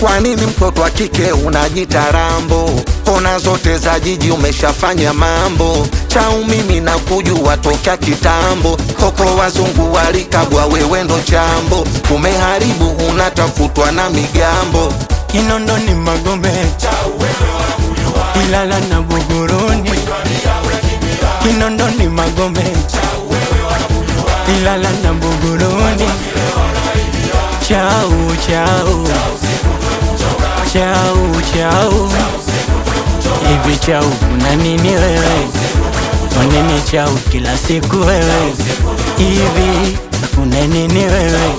Kwa nini mtoto wa kike unajita rambo? Kona zote za jiji umeshafanya mambo. Chau mimi na kujua tokea kitambo, koko wazungu walikabwa, wewe ndo chambo. Umeharibu unatafutwa na migambo, Kinondo ni Magombe, Ilala na Buguruni. Kinondo ni Magombe, Ilala na Buguruni chao chao chao chao hivi chao kuna nini wewe manini chao kila siku wewe hivi kuna nini wewe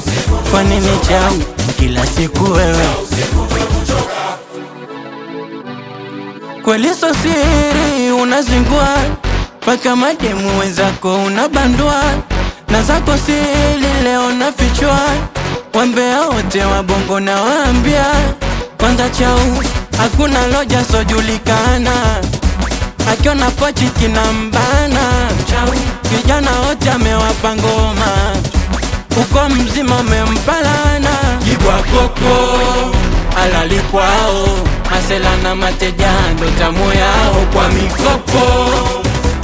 kwa nini chao kila siku wewe kweli sosiri unazingua mpaka mademu wenzako unabandua na zako sili leo nafichwa Wambea wote wa bongo na wambia kwanza chau hakuna loja sojulikana, akiona pochi kinambana. Vijana wote amewapa ngoma, uko mzima umempalana. Jibwa koko alalikwao, masela na mateja ndo yao, kwa mikopo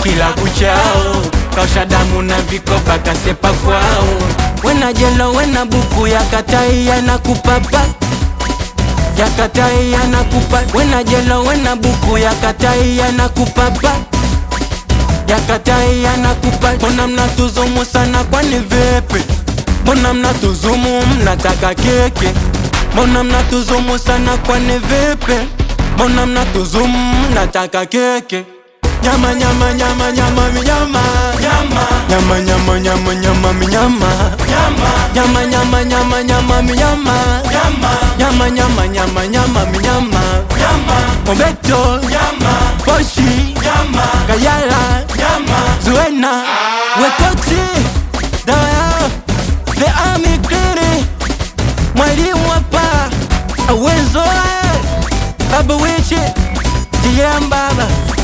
kila kuchao, kaosha damu na vikopa kasepa kwao wena jelo wena buku yakatai yanakupapa yakatai yanakupa wena jelo wena buku yakatai yanakupapa yakatai yanakupa mbona mnatuzumu sana kwani vepe mbona mnatuzumu mnataka keke mbona mnatuzumu sana kwani vipi mbona mnatuzumu mnataka keke nyama nyama nyama nyama minyama nyama nyama nyama nyama nyama minyama nyama nyama nyama nyama minyama nyama nyama nyama nyama minyama Mobeto nyama Boshi nyama Kayara nyama Zuena ah. Wetoksi Daya The Army Clinic Mwalimu hapa Awenzoe Baba Wichi Diambaba